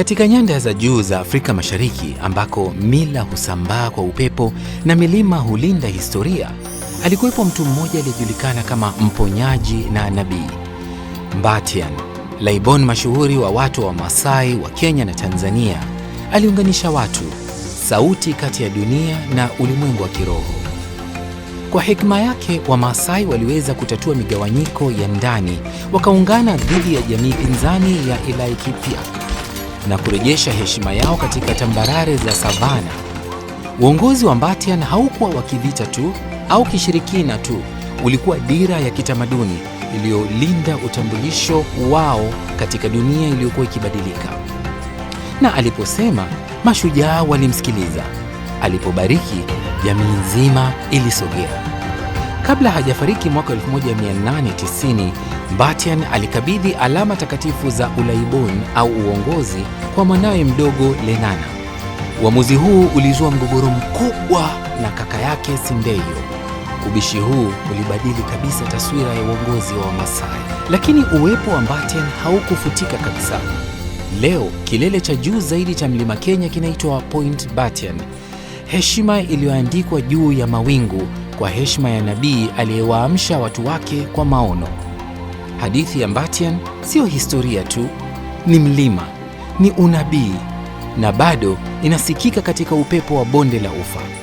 Katika nyanda za juu za Afrika Mashariki ambako mila husambaa kwa upepo na milima hulinda historia, alikuwepo mtu mmoja aliyejulikana kama mponyaji na nabii, Mbatian, laibon mashuhuri wa watu wa Masai wa Kenya na Tanzania. Aliunganisha watu, sauti kati ya dunia na ulimwengu wa kiroho. Kwa hekima yake, Wamasai waliweza kutatua migawanyiko ya ndani, wakaungana dhidi ya jamii pinzani ya Ilaikipiak na kurejesha heshima yao katika tambarare za savana. Uongozi wa Mbatian haukuwa wa kivita tu au kishirikina tu, ulikuwa dira ya kitamaduni iliyolinda utambulisho wao katika dunia iliyokuwa ikibadilika. Na aliposema, mashujaa walimsikiliza. Alipobariki, jamii nzima ilisogea. Kabla hajafariki mwaka 1890, Batian alikabidhi alama takatifu za ulaibun au uongozi kwa mwanawe mdogo Lenana. Uamuzi huu ulizua mgogoro mkubwa na kaka yake Sindeyo. Ubishi huu ulibadili kabisa taswira ya uongozi wa Wamasai, lakini uwepo wa Batian haukufutika kabisa. Leo kilele cha juu zaidi cha mlima Kenya kinaitwa Point Batian, heshima iliyoandikwa juu ya mawingu kwa heshima ya nabii aliyewaamsha watu wake kwa maono. Hadithi ya Mbatian siyo historia tu, ni mlima, ni unabii, na bado inasikika katika upepo wa bonde la ufa.